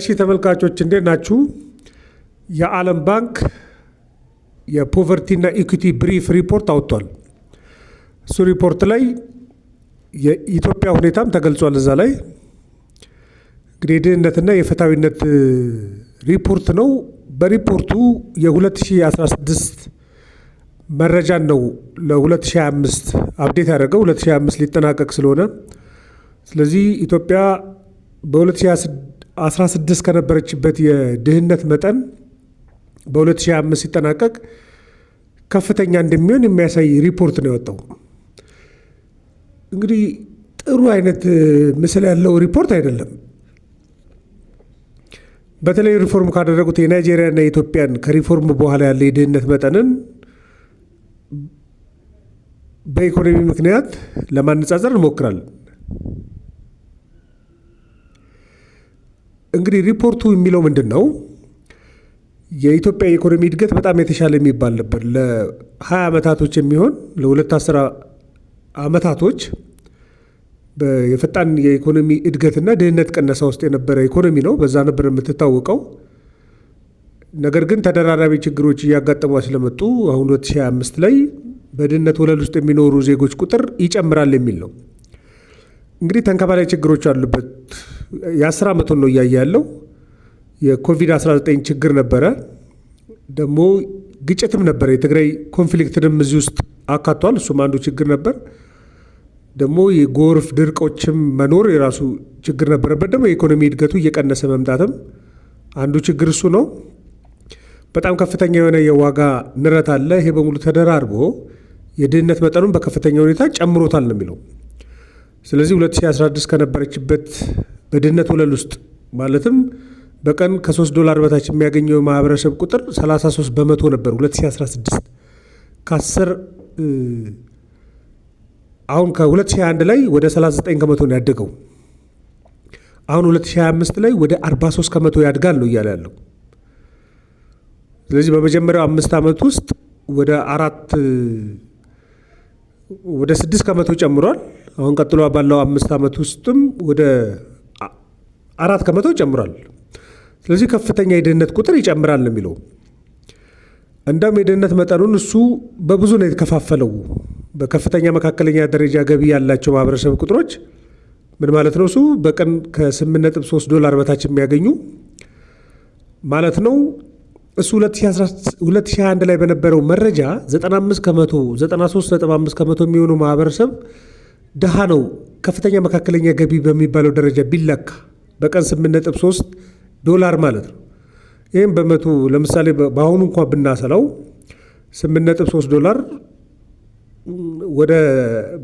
እሺ ተመልካቾች እንዴት ናችሁ? የዓለም ባንክ የፖቨርቲና ኢኩቲ ብሪፍ ሪፖርት አውጥቷል። እሱ ሪፖርት ላይ የኢትዮጵያ ሁኔታም ተገልጿል። እዛ ላይ እንግዲህ የድህነትና የፍትሐዊነት ሪፖርት ነው። በሪፖርቱ የ2016 መረጃን ነው ለ2025 አብዴት ያደረገው 2025 ሊጠናቀቅ ስለሆነ ስለዚህ ኢትዮጵያ በ 16 ከነበረችበት የድህነት መጠን በ2005 ሲጠናቀቅ ከፍተኛ እንደሚሆን የሚያሳይ ሪፖርት ነው የወጣው። እንግዲህ ጥሩ አይነት ምስል ያለው ሪፖርት አይደለም። በተለይ ሪፎርም ካደረጉት የናይጄሪያና የኢትዮጵያን ከሪፎርም በኋላ ያለ የድህነት መጠንን በኢኮኖሚ ምክንያት ለማነጻጸር እንሞክራለን። እንግዲህ ሪፖርቱ የሚለው ምንድን ነው? የኢትዮጵያ የኢኮኖሚ እድገት በጣም የተሻለ የሚባል ነበር። ለ20 ዓመታቶች የሚሆን ለሁለት አስር ዓመታቶች የፈጣን የኢኮኖሚ እድገትና ድህነት ቀነሳ ውስጥ የነበረ ኢኮኖሚ ነው። በዛ ነበር የምትታወቀው። ነገር ግን ተደራራቢ ችግሮች እያጋጠሟ ስለመጡ አሁን 2025 ላይ በድህነት ወለል ውስጥ የሚኖሩ ዜጎች ቁጥር ይጨምራል የሚል ነው። እንግዲህ ተንከባላይ ችግሮች አሉበት። የአስር ዓመቱን ነው እያየ ያለው የኮቪድ-19 ችግር ነበረ፣ ደግሞ ግጭትም ነበረ። የትግራይ ኮንፍሊክትንም እዚህ ውስጥ አካቷል። እሱም አንዱ ችግር ነበር። ደግሞ የጎርፍ ድርቆችም መኖር የራሱ ችግር ነበረበት። ደግሞ የኢኮኖሚ እድገቱ እየቀነሰ መምጣትም አንዱ ችግር እሱ ነው። በጣም ከፍተኛ የሆነ የዋጋ ንረት አለ። ይሄ በሙሉ ተደራርቦ የድህነት መጠኑን በከፍተኛ ሁኔታ ጨምሮታል ነው የሚለው ስለዚህ 2016 ከነበረችበት በድህነት ወለል ውስጥ ማለትም በቀን ከ3 ዶላር በታች የሚያገኘው ማህበረሰብ ቁጥር 33 በመቶ ነበር 2016 ከ10 አሁን ከ2021 ላይ ወደ 39 ከመቶ ነው ያደገው። አሁን 2025 ላይ ወደ 43 ከመቶ ያድጋል ነው እያለ ያለው። ስለዚህ በመጀመሪያው አምስት ዓመት ውስጥ ወደ አራት ወደ ስድስት ከመቶ ጨምሯል። አሁን ቀጥሎ ባለው አምስት ዓመት ውስጥም ወደ አራት ከመቶ ጨምሯል። ስለዚህ ከፍተኛ የድህነት ቁጥር ይጨምራል ነው የሚለው። እንደውም የድህነት መጠኑን እሱ በብዙ ነው የተከፋፈለው። በከፍተኛ መካከለኛ ደረጃ ገቢ ያላቸው ማህበረሰብ ቁጥሮች ምን ማለት ነው? እሱ በቀን ከ8.3 ዶላር በታች የሚያገኙ ማለት ነው። እሱ 2021 ላይ በነበረው መረጃ 95 ከመቶ 93.5 ከመቶ የሚሆኑ ማህበረሰብ ድሃ ነው። ከፍተኛ መካከለኛ ገቢ በሚባለው ደረጃ ቢለካ በቀን 8.3 ዶላር ማለት ነው። ይህም በመቶ ለምሳሌ በአሁኑ እንኳ ብናሰላው 8.3 ዶላር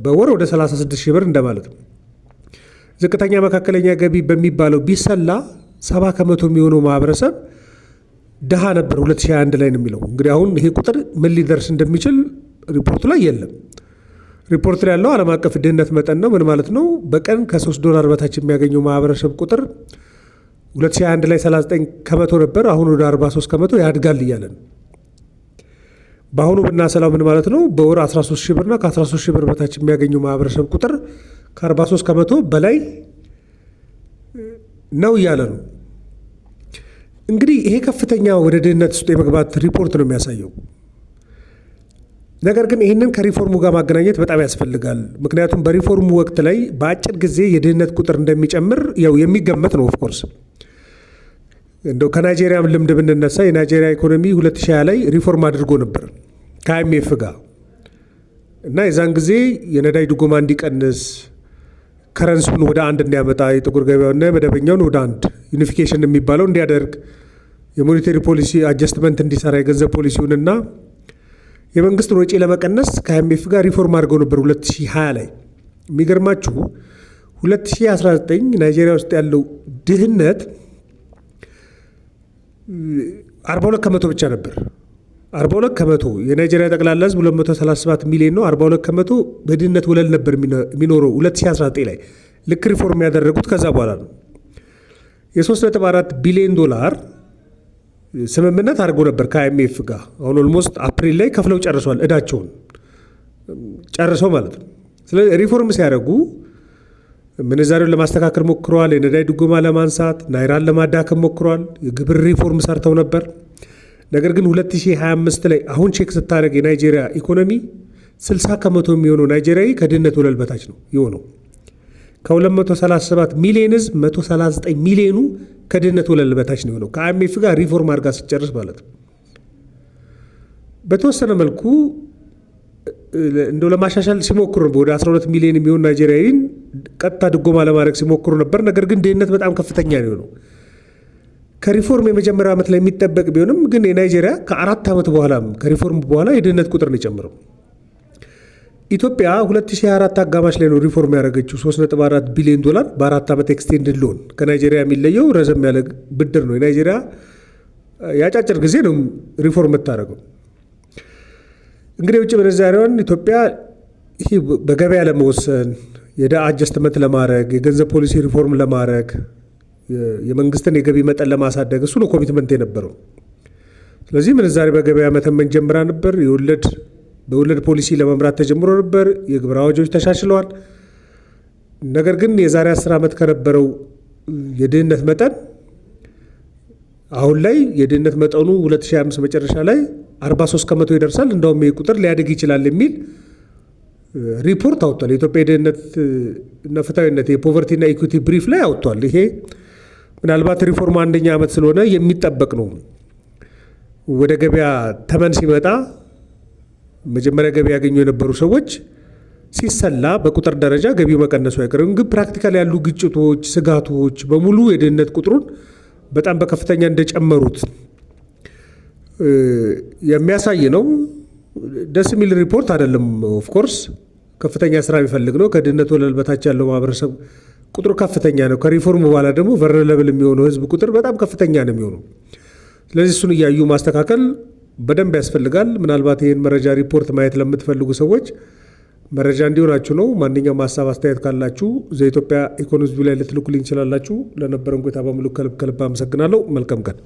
በወር ወደ 36 ሺህ ብር እንደማለት ነው። ዝቅተኛ መካከለኛ ገቢ በሚባለው ቢሰላ ሰባ ከመቶ የሚሆነው ማህበረሰብ ድሃ ነበር 2021 ላይ ነው የሚለው። እንግዲህ አሁን ይሄ ቁጥር ምን ሊደርስ እንደሚችል ሪፖርቱ ላይ የለም። ሪፖርት ላይ ያለው ዓለም አቀፍ ድህነት መጠን ነው። ምን ማለት ነው? በቀን ከ3 ዶላር በታች የሚያገኘው ማህበረሰብ ቁጥር 2021 ላይ 39 ከመቶ ነበር፣ አሁን ወደ 43 ከመቶ ያድጋል እያለ በአሁኑ ብናሰላው ምን ማለት ነው? በወር 13 ሺህ ብርና ከ13 ሺህ ብር በታች የሚያገኘው ማህበረሰብ ቁጥር ከ43 ከመቶ በላይ ነው እያለ ነው። እንግዲህ ይሄ ከፍተኛ ወደ ድህነት ውስጥ የመግባት ሪፖርት ነው የሚያሳየው። ነገር ግን ይህንን ከሪፎርሙ ጋር ማገናኘት በጣም ያስፈልጋል። ምክንያቱም በሪፎርሙ ወቅት ላይ በአጭር ጊዜ የድህነት ቁጥር እንደሚጨምር ያው የሚገመት ነው። ኦፍኮርስ እንደው ከናይጄሪያም ልምድ ብንነሳ የናይጄሪያ ኢኮኖሚ 2020 ላይ ሪፎርም አድርጎ ነበር ከአይኤምኤፍ ጋር እና የዛን ጊዜ የነዳጅ ድጎማ እንዲቀንስ ከረንሱን ወደ አንድ እንዲያመጣ የጥቁር ገበያውና የመደበኛውን ወደ አንድ ዩኒፊኬሽን የሚባለው እንዲያደርግ የሞኔተሪ ፖሊሲ አጀስትመንት እንዲሰራ የገንዘብ ፖሊሲውንና የመንግስትን ወጪ ለመቀነስ ከአይኤምኤፍ ጋር ሪፎርም አድርገው ነበር 2020 ላይ። የሚገርማችሁ 2019 ናይጄሪያ ውስጥ ያለው ድህነት 42 ከመቶ ብቻ ነበር። 42 ከመቶ የናይጄሪያ ጠቅላላ ህዝብ 237 ሚሊዮን ነው። 42 ከመቶ በድህነት ወለል ነበር የሚኖረው 2019 ላይ። ልክ ሪፎርም ያደረጉት ከዛ በኋላ ነው። የ3.4 ቢሊዮን ዶላር ስምምነት አድርጎ ነበር ከአይኤምኤፍ ጋር። አሁን ኦልሞስት አፕሪል ላይ ከፍለው ጨርሷል፣ እዳቸውን ጨርሰው ማለት ነው። ስለዚህ ሪፎርም ሲያደርጉ ምንዛሬውን ለማስተካከል ሞክረዋል። የነዳጅ ድጎማ ለማንሳት፣ ናይራን ለማዳከም ሞክረዋል። የግብር ሪፎርም ሰርተው ነበር። ነገር ግን 2025 ላይ አሁን ቼክ ስታደርግ የናይጄሪያ ኢኮኖሚ 60 ከመቶ የሚሆነው ናይጄሪያዊ ከድህነት ወለል በታች ነው የሆነው። ከ237 ሚሊዮን ህዝብ 139 ሚሊዮኑ ከድህነት ወለል በታች ነው የሆነው ከአይኤምኤፍ ጋር ሪፎርም አድርጋ ስጨርስ ማለት ነው። በተወሰነ መልኩ እንደው ለማሻሻል ሲሞክሩ ነበር። ወደ 12 ሚሊዮን የሚሆን ናይጄሪያዊን ቀጥታ ድጎማ ለማድረግ ሲሞክሩ ነበር። ነገር ግን ድህነት በጣም ከፍተኛ ነው የሆነው። ከሪፎርም የመጀመሪያ ዓመት ላይ የሚጠበቅ ቢሆንም ግን የናይጄሪያ ከአራት ዓመት በኋላም ከሪፎርም በኋላ የድህነት ቁጥር ነው የጨምረው። ኢትዮጵያ 2024 አጋማሽ ላይ ነው ሪፎርም ያደረገችው 3.4 ቢሊዮን ዶላር በአራት ዓመት ኤክስቴንድድ ሎን። ከናይጄሪያ የሚለየው ረዘም ያለ ብድር ነው። የናይጄሪያ የአጫጭር ጊዜ ነው ሪፎርም የምታደረገው። እንግዲህ የውጭ ምንዛሪዋን ኢትዮጵያ ይህ በገበያ ለመወሰን የደ አጀስትመንት ለማድረግ የገንዘብ ፖሊሲ ሪፎርም ለማድረግ የመንግስትን የገቢ መጠን ለማሳደግ እሱ ነው ኮሚትመንት የነበረው። ስለዚህ ምንዛሬ በገበያ መተመን ጀምራ ነበር የወለድ በወለድ ፖሊሲ ለመምራት ተጀምሮ ነበር። የግብር አዋጆች ተሻሽለዋል። ነገር ግን የዛሬ አስር ዓመት ከነበረው የድህነት መጠን አሁን ላይ የድህነት መጠኑ 205 መጨረሻ ላይ 43 ከመቶ ይደርሳል። እንደውም ይህ ቁጥር ሊያድግ ይችላል የሚል ሪፖርት አውጥቷል። የኢትዮጵያ የድህነት እና ፍትሐዊነት የፖቨርቲና ኢኩቲ ብሪፍ ላይ አውጥቷል። ይሄ ምናልባት ሪፎርም አንደኛ ዓመት ስለሆነ የሚጠበቅ ነው። ወደ ገበያ ተመን ሲመጣ መጀመሪያ ገቢ ያገኙ የነበሩ ሰዎች ሲሰላ በቁጥር ደረጃ ገቢው መቀነሱ አይቀርም። ግን ፕራክቲካል ያሉ ግጭቶች፣ ስጋቶች በሙሉ የድህነት ቁጥሩን በጣም በከፍተኛ እንደጨመሩት የሚያሳይ ነው። ደስ የሚል ሪፖርት አይደለም። ኦፍኮርስ ከፍተኛ ስራ የሚፈልግ ነው። ከድህነት ወለል በታች ያለው ማህበረሰብ ቁጥሩ ከፍተኛ ነው። ከሪፎርም በኋላ ደግሞ ቨርነለብል የሚሆነው ህዝብ ቁጥር በጣም ከፍተኛ ነው የሚሆነው። ስለዚህ እሱን እያዩ ማስተካከል በደንብ ያስፈልጋል። ምናልባት ይህን መረጃ ሪፖርት ማየት ለምትፈልጉ ሰዎች መረጃ እንዲሆናችሁ ነው። ማንኛውም ሀሳብ አስተያየት ካላችሁ ዘኢትዮጵያ ኢኮኖሚ ላይ ልትልኩልኝ ይችላላችሁ። ለነበረን ቆይታ በሙሉ ከልብ ከልብ አመሰግናለሁ። መልካም ቀን